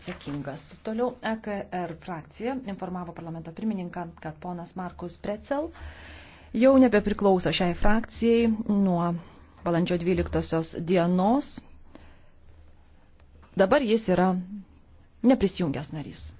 atsakingas. Toliau EKR frakcija informavo parlamento pirmininką, kad ponas Markus Precel jau nebepriklauso šiai frakcijai nuo balandžio 12 dienos. Dabar jis yra neprisijungęs narys.